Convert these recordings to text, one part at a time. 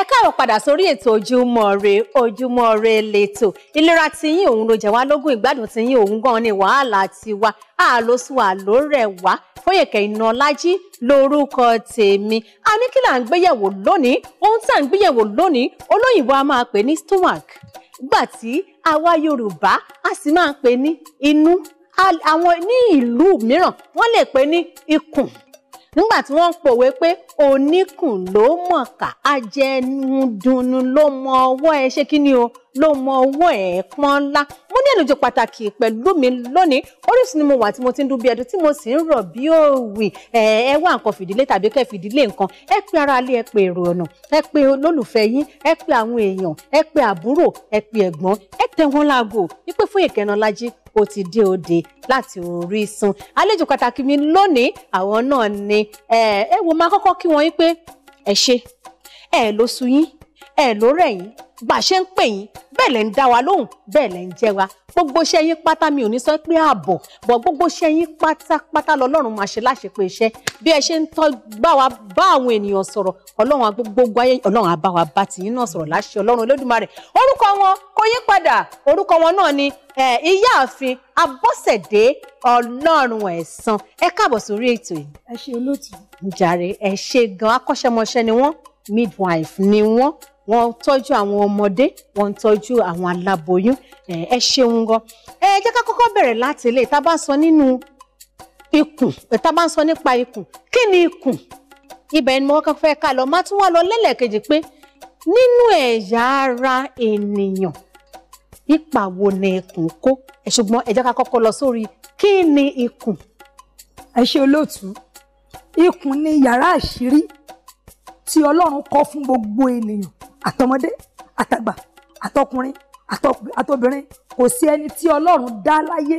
ẹ káàbọ̀ padà sórí ètò ojúmọ́ re ojúmọ́ re lẹ́tọ̀ ìlera tiyín òun ló jẹ́ wá lógún ìgbádùn tiyín òun gan ni wàhálà ti wá àlòsùn àlórẹ̀wá Fóyèkẹ́ Ináolájí lórúkọ tèmi a ní kí là ń gbéyẹ̀wò lónìí ohun tí à ń gbéyẹ̀wò lónìí olóyìnbó a máa pè ní stomach gbà tí àwa Yorùbá a sì máa pè ní inú àwọn ní ìlú mìíràn wọ́n lè pè ní ikùn nígbà tí wọ́n ń pòwe pé oníkùn ló mọ̀ọ́kà ajẹnudùnnú ló mọ ọwọ́ ẹ ṣé kí ni o ló mọ owó ẹ̀ pọ́n ńlá mo ní àlejò pàtàkì pẹ̀lú mi lónìí Orísun ni mo wà tí mo ti ń dún bí ẹdun tí mo sì ń rọ̀ bí òwì ẹ ẹ wá nǹkan fìdílé tàbí kẹ́ fìdílé nǹkan ẹ pé ara alẹ́ ẹ pé èrò ọ̀nà ẹ pé olólùfẹ́ yín ẹ pé àwọn èèyàn ẹ pé àbúrò ẹ pé ẹ̀gbọ́n ẹ tẹ wọn láago wípé fún Ìkẹ́nọlájí ó ti dé òde láti Orísun àlejò pàtàkì mi lónìí àwọn náà ni ẹ ẹ wo máa kọ́kọ́ kí wọ́n yín pé ẹ ṣe ẹ ló sú ẹ ló rẹ̀ bá a ṣe ń pè yín bẹ́ẹ̀ lẹ́ ń dá wa lóhùn bẹ́ẹ̀ lẹ́ ń jẹ́ wa gbogbo iṣẹ́ yín pátá mi ò ní sọ pé ààbọ̀ bọ̀ gbogbo iṣẹ́ yín pátápátá lọ́lọ́run máa ṣe láṣepé iṣẹ́ bí ẹ ṣe ń tọ́ gbà wá bá àwọn ènìyàn sọ̀rọ̀ ọlọ́run gbogbo ayé ọlọ́run àbá wa bá tìyín náà sọ̀rọ̀ láṣẹ ọlọ́run Olódùmarè orúkọ wọn kò yí padà orúkọ wọn náà ni ìyáàfin Abọ́sẹ̀dé ọlọ́run ẹ̀san ẹ káàbọ̀ sórí ètò yìí. ẹ ṣe olóòtú. jàre ẹ ṣe gan akọ́ṣẹ́mọṣẹ́ ni wọ́n midwife ni wọ́n wọ́n ń tọ́jú àwọn ọmọdé wọ́n ń tọ́jú àwọn aláboyún ẹ ṣeun gan ẹ jẹ́ ká kọ́kọ́ bẹ̀rẹ̀ láti ilé tá a bá sọ nínú ikùn tá bá sọ nípa ikùn kí ni ikùn ibẹ̀ ni mo kọ́kọ́ fẹ́ ká lọ má tún wá lọ lẹ́lẹ̀kejì pé nínú ẹ̀yà ara ènìyàn ipa wo ni ikùn kó ẹ ṣùgbọ́n ẹ jẹ́ ká kọ́kọ́ lọ sórí kí ni ikùn. ẹ ṣe olóòtú ikùn ni yàrá àṣírí tí Ọlọ́run kọ́ fún gbogbo ènìyàn àtọmọdé àtàgbà àtọkùnrin àtọbìnrin kò sí ẹni tí ọlọ́run dá láyé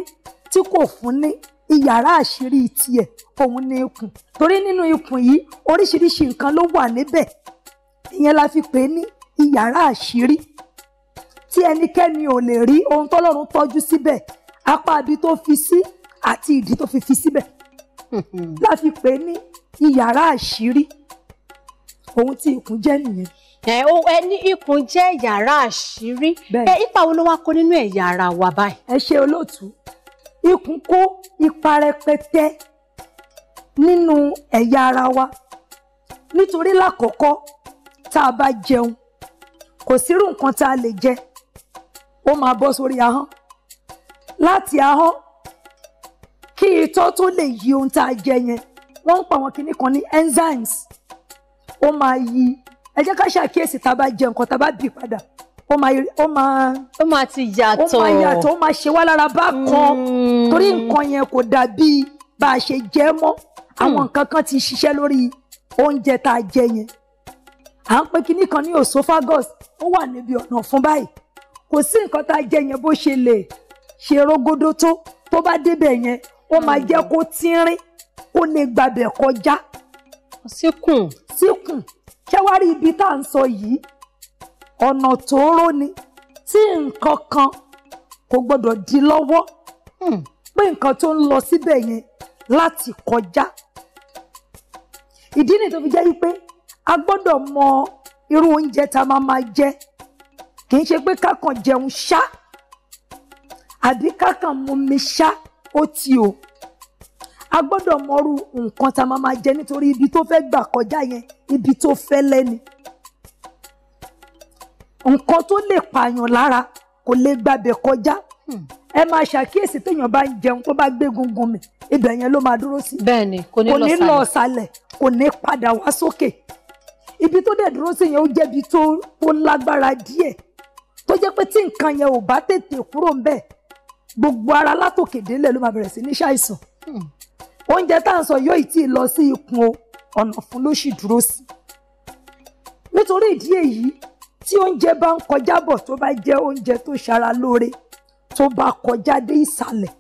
tí kò fún ní iyàrá àṣírí tiẹ̀ òun ni ikùn torí nínú ikùn yìí oríṣiríṣi nǹkan ló wà níbẹ̀ ìyẹn la fi pè é ní iyàrá àṣírí tí ẹnikẹ́ni ò lè rí ohun tọ́lọ́run tọ́jú síbẹ̀ apá ibi tó fi sí àti ìdí tó fi fi síbẹ̀ hmm. la fi pè ní iyàrá àṣírí ohun tí ikùn jẹ́ nìyẹn ẹ ó ẹ ní ikùn jẹ́ yàrá àṣírí ẹ ipa wo ló wá kó nínú ẹ̀yà ara wa báyìí. ẹ ṣe olóòtú ikùn kó ipa rẹpẹtẹ nínú ẹ̀yà ara wa nítorí lákọ̀ọ́kọ́ tá a bá jẹun kò sírú nǹkan tá a lè jẹ ó máa bọ́ sórí ahọ́n láti ahọ́n kí itọ́ tó lè yí ohun tá a jẹ yẹn wọ́n ń pa àwọn kinní ní enzymes ó máa yí ẹ jẹ́ ká ṣàkíyèsí tá a bá jẹ nǹkan tá a bá bì padà ó máa ó máa ó máa ti yàtọ̀ ó máa yàtọ̀ ó máa ṣe wá lára bákan hmm. torí nǹkan yẹn kò dàbí bá a ṣe jẹ mọ́ àwọn hmm. nǹkan kan ti ṣiṣẹ́ lórí oúnjẹ tá a jẹ yẹn à ń pe kinní kan ní osophagus ó wà níbi ọ̀nà fún báyìí kò sí nǹkan tá a jẹ yẹn bó ṣe lè ṣe rógódó tó tó bá débẹ̀ yẹn ó máa hmm. jẹ́ kó tínrín kó lè gbàbẹ̀ kọjá. síkùn síkùn ṣé wá rí ibi tá à ń sọ yìí ọ̀nà tóóró ni tí nǹkan kan kò gbọ́dọ̀ di lọ́wọ́ hmm. pé nǹkan tó ń lọ síbẹ̀ yẹn láti kọjá ìdí nìyí tó fi jẹ́ wípé a gbọ́dọ̀ mọ irú oúnjẹ tá a máa máa jẹ kì í ṣe pé kákan jẹun ṣá àbí kákan mumi ṣá ó ti o a gbọ́dọ̀ mọrú nǹkan tá a máa máa jẹ nítorí ibi tó fẹ́ gbà kọjá yẹn ibi tó fẹ́ lẹ́ni nǹkan tó lè pààyàn lára kò lè gbàbẹ̀ kọjá hmm. ẹ máa ṣàkíyèsí téèyàn bá ń jẹun tó bá gbé gungun mi ibẹ̀ yẹn ló máa dúró sí. bẹ́ẹ̀ni kò ní lọ sálẹ̀ kò ní padà wá sókè ibi tó dẹ̀ dúró sí yẹn ó jẹ́bi tó ó lágbára díẹ̀ tó jẹ́ pé tí nǹkan yẹn ò bá tètè kúrò ńbẹ̀ gbogbo ara látòkè délẹ̀ ló máa bẹ̀rẹ̀ sí ní ṣàìsàn. Hmm oúnjẹ tá à ń sọ yóò ì tí ì lọ sí ikùn o ọ̀nà fún ló sì dúró sí nítorí ìdí èyí tí oúnjẹ bá ń kọjá bọ̀ tó bá jẹ́ oúnjẹ tó ṣara lóore tó bá kọjá dé ìsàlẹ̀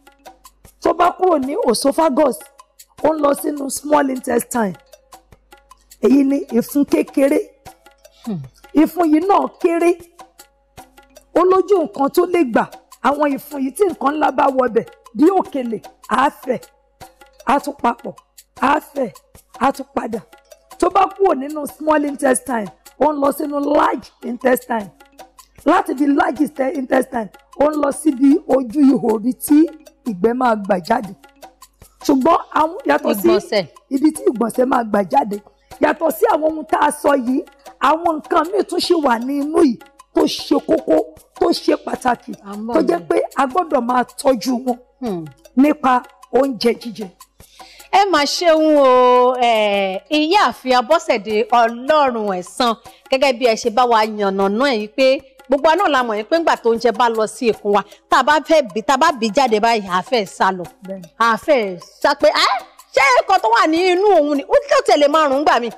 tó bá kúrò ní esophagus ó ń lọ sínú small intestine èyí ni ìfun kékeré hmm. ìfun yìí náà kéré ó lójú nǹkan tó lè gbà àwọn ìfun yìí tí nǹkan ńlá bá wọbẹ̀ bí òkèlè àáfẹ̀ á tún papọ̀ á fẹ̀ á tún padà tó bá kúrò nínú small intestine ó ń lọ sínú large intestine láti di large intestine ó ń lọ síbi ojú ihò ibi tí ìgbẹ́ máa gbà jáde ṣùgbọ́n àwọn yàtọ̀ sí ibi tí ìgbọ̀nsẹ̀ máa gbà jáde yàtọ̀ sí àwọn ohun tá a sọ yìí àwọn nǹkan míì tún ṣì wà ní inú yìí tó ṣe kókó tó ṣe pàtàkì tó jẹ́ pé a gbọ́dọ̀ máa tọ́jú wọn hmm. nípa oúnjẹ jíjẹ ẹ mà ṣeun o ìyáàfin Abọ́sẹ̀dé Ọlọ́run ẹ̀san gẹ́gẹ́ bí ẹ ṣe bá wa yànnàná ẹ̀ pé gbogbo àná la mọ̀ yín pé ńgbà tó ń jẹ bá lọ sí èkó wa tá a bá fẹ́ bí tá a bá bí jáde báyìí àfẹ́ sá lọ àfẹ́ sá pé ẹ́ ṣé ẹ̀kọ́ tó wà ní inú òun ni ó ti tẹ̀lé márùn-ún gbà mí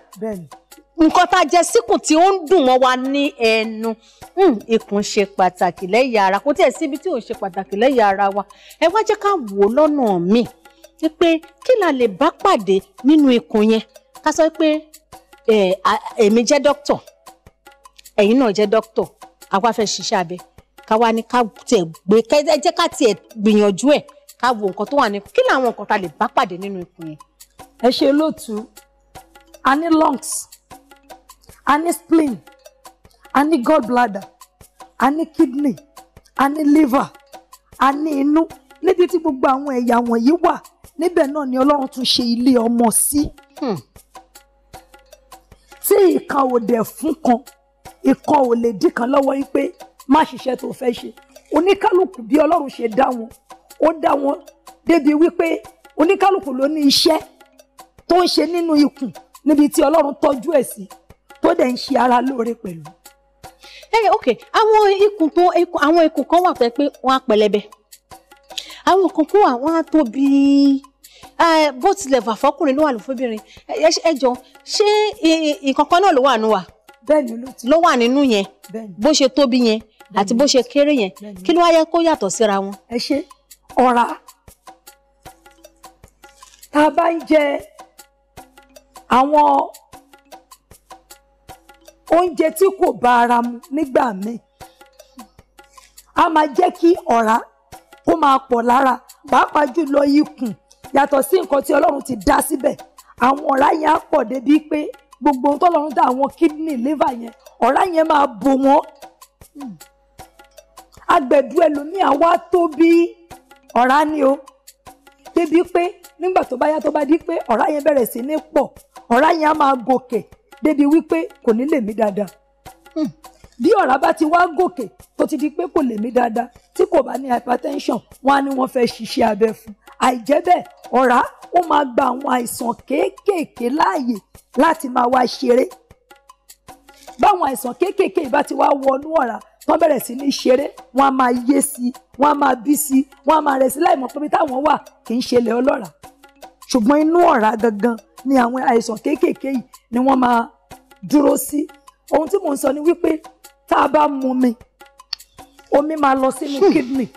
nǹkan tá a jẹ síkùn tí ó ń dùn mọ́ wa ní ẹnu hmm, ikùn ṣe pàtàkì lẹ́yà ara kò tí ẹ̀ síbi tí ò ń ṣe pàtàkì lẹ́yà ara wa ẹ wá jẹ́ ká wò ó lọ́nà míì pé kí la lè bá pàdé nínú ikùn yẹn ká sọ pé èmi jẹ́ dókítọ̀ ẹ̀yin náà jẹ́ dókítọ̀ àwa fẹ́ ṣiṣẹ́ abẹ ká wá ní ká tiẹ̀ gbé ẹ jẹ́ ká tiẹ̀ gbìyànjú ẹ̀ ká wo nǹkan tó wà ní kí làwọn nǹkan ta lè bá pàdé nínú ikùn yẹn. ẹ ṣe lóòtú a ní lungs a ní spleen a ní gallbladder a ní kidney a ní liver a ní inú níbi tí gbogbo àwọn ẹ̀yà wọ̀nyí wà níbẹ̀ náà ni ọlọ́run tún ṣe ilé ọmọ sí hmm. tí ìkan ò dẹ̀ fún kan ìkan ò lè dí kan lọ́wọ́ yìí pé má ṣiṣẹ́ tó fẹ́ ṣe oníkálùkù bí ọlọ́run ṣe dá wọn ó dá wọn débi wípé oníkálùkù ló ní iṣẹ́ tó ń ṣe nínú ikùn níbi tí ọlọ́run tọ́jú ẹ̀ sí tó dẹ̀ ń ṣe ara lóore pẹ̀lú. ok àwọn ikùn tó àwọn ikùn kan wà pẹ́ pé wọ́n á pẹlẹbẹ àwọn kan kó àwọn á tóbi bó tilẹ̀ fà fọ́kùnrin ló wà lófóbìnrin ẹ jọ ṣé nǹkan kan náà ló wà nù wà ló wà nínú yẹn bó ṣe tóbi yẹn àti bó ṣe kéré yẹn kí ló wá yẹ kó yàtọ̀ síra wọn. ẹ ṣe ọ̀ra tá a bá ń jẹ àwọn oúnjẹ tí kò bá ara mu nígbà míì a máa jẹ́ kí ọ̀ra kó máa pọ̀ lára pàápàá jùlọ ikùn yàtọ̀ sí nǹkan tí ọlọ́run ti dá síbẹ̀ àwọn ọ̀rá yẹn á pọ̀ débi pé gbogbo ohun tọ́lọ́run dá àwọn kidney liver yẹn ọ̀rá yẹn máa bò wọ́n agbẹ̀dú ẹlòmíà wá tóbi ọ̀rá ni o débi pé nígbà tó bá yá tó bá di pé ọ̀rá yẹn bẹ̀rẹ̀ sí ní pọ̀ ọ̀rá yẹn á máa gòkè débi wípé kò ní lè mí dáadáa hmm. bí ọ̀rá bá ti wá gòkè tó ti di pé kò lè mí dáadáa tí kò bá ní hypertension wọ́n á ní wọ́n fẹ́ ṣiṣẹ́ abẹ fún àìjẹ́ bẹ́ẹ̀ ọ̀rá ó máa gba àwọn àìsàn kéékèèké láàyè láti máa wá ṣeré báwọn àìsàn kéékèèké bá ti wá wọnú ọ̀rá wọ́n bẹ̀rẹ̀ sí ní ṣeré wọ́n á máa yé sí wọ́n á máa bí sí wọ́n á máa rẹ̀ sí láìmọ̀ pé táwọn wà kì í ṣe ilẹ̀ ọlọ́ràá ṣùgbọ́n inú ọ̀rá gangan ni àwọn àìsàn kéékèèké yìí ni wọ́n máa dúró sí ohun tí mò ń sọ ni wípé tá a bá mu mi omi máa lọ sínú hmm. kidney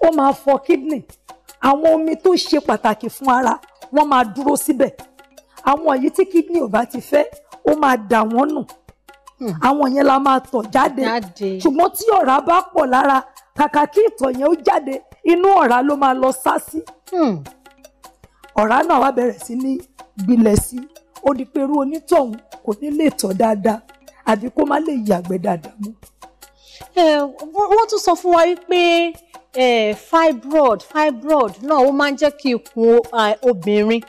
ó máa fọ kidney àwọn omi tó ṣe pàtàkì fún ara wọ́n máa dúró síbẹ̀ àwọn èyí tí kidney ò bá ti fẹ́ ó máa dà wọ́n nù hmm. àwọn yẹn la máa tọ̀ jáde ṣùgbọ́n tí ọ̀rá bá pọ̀ lára kàkà kí ìtọ̀ yẹn ó jáde inú ọ̀rá ló máa lọ sá sí hmm. ọ̀rá náà wá bẹ̀rẹ̀ sí ní gbilẹ̀ sí ó di pé irú onítọ̀hún kò ní lè tọ̀ dáadáa àbí kó má lè yàgbẹ́ dáadáa mọ́. Eh, wọ́n tún sọ fún wa wípé eh, fibroid fibroid náà ó máa ń jẹ́ kí ikùn eh, obìnrin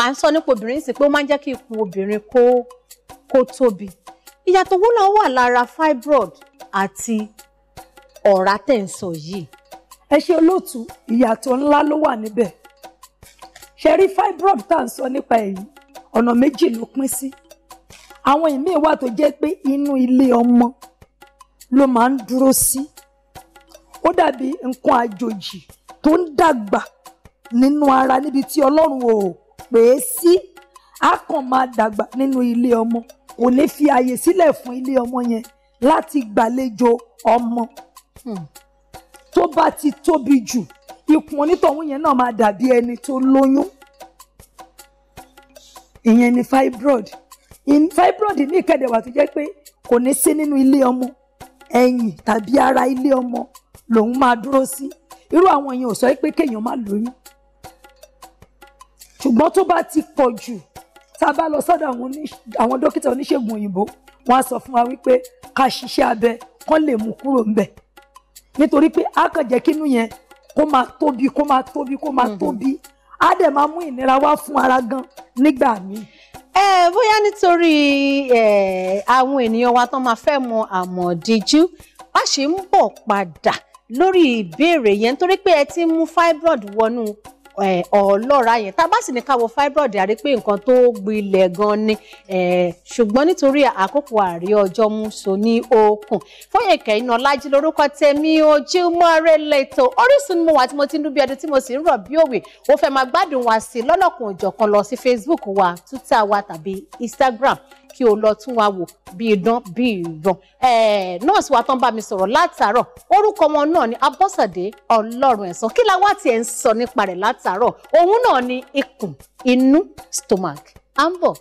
à ń sọ nípa obìnrin sì pé ó máa ń jẹ́ kí ikùn obìnrin kó kó tóbi ìyàtọ̀ wo náà wà lára fibroid àti ọ̀rá tẹ̀ ń sọ yìí. ẹ ṣe olóòtú ìyàtọ̀ ńlá ló wà níbẹ̀ ṣe rí fibroid tá à ń sọ nípa èyí ọ̀nà méjì ló pín sí àwọn ìmíì wà tó jẹ́ pé inú ilé ọmọ ló máa ń dúró sí ó dàbí nǹkan àjòjì tó ń dàgbà nínú ara níbi tí ọlọ́run ò pè é sí á kàn máa dàgbà nínú ilé ọmọ kò ní fi àyè sílẹ̀ fún ilé ọmọ yẹn láti gbàlejò ọmọ hmm. tó bá ti tóbi jù ikùn onítọ̀hún yẹn náà máa dàbí ẹni tó lóyún ìyẹn ni fibroid fibroid ní ìkẹdẹ̀wà tó jẹ́ pé kò ní sí nínú ilé ọmọ ẹ̀yìn tàbí ara ilé ọmọ lòun máa dúró sí irú àwọn yẹn ò sọ pé kéèyàn má lóyún ṣùgbọ́n tó bá ti pọ̀ jù tá a bá lọ sọ́dọ̀ àwọn dókítà oníṣègùn òyìnbó wọ́n á sọ fún wa wípé ká ṣiṣẹ́ abẹ kán lè mú kúrò ńbẹ̀ nítorí pé á kàn jẹ́ kínú yẹn kó máa tóbi kó máa tóbi kó máa mm-hmm. tóbi á dẹ̀ máa mú ìnira wá fún ara gan nígbà míì ẹ bóyá nítorí àwọn ènìyàn wa tán máa fẹ́ mọ àmọ̀díjú bá ṣe ń bọ̀ padà lórí ìbéèrè yẹn nítorí pé ẹ ti ń mú fibroid wọnú ọlọ́ra yẹn tá a bá sì ní ká wo fibroid a rí pé nǹkan tó gbilẹ̀ gan ni ṣùgbọ́n nítorí àkókò àrí ọjọ́ mú so ní okùn Fọyẹkẹ Inaọlájí lórúkọ tèmi Ojúmọ́ Ire lẹ́tọ̀ Orísun ni mo tí mo ti ń dún bí tí mo sì ń rọ̀ bí òwe ó fẹ́ máa gbádùn wa sí lọ́lọ́kùn òjọ̀kan lọ sí Facebook wa Twitter wa tàbí Instagram kí o lọ tún wa wò bí idán bí ìran nọ́ọ̀sì wa tán bá mi sọ̀rọ̀ látàárọ̀ orúkọ wọn náà ni Abọ́sàdé Ọlọ́run ẹ̀sán kí la wá tiẹ̀ ń sọ nípa rẹ̀ látàárọ̀ òun náà ni ikùn inú stomach à ń bọ̀.